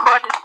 Ababa.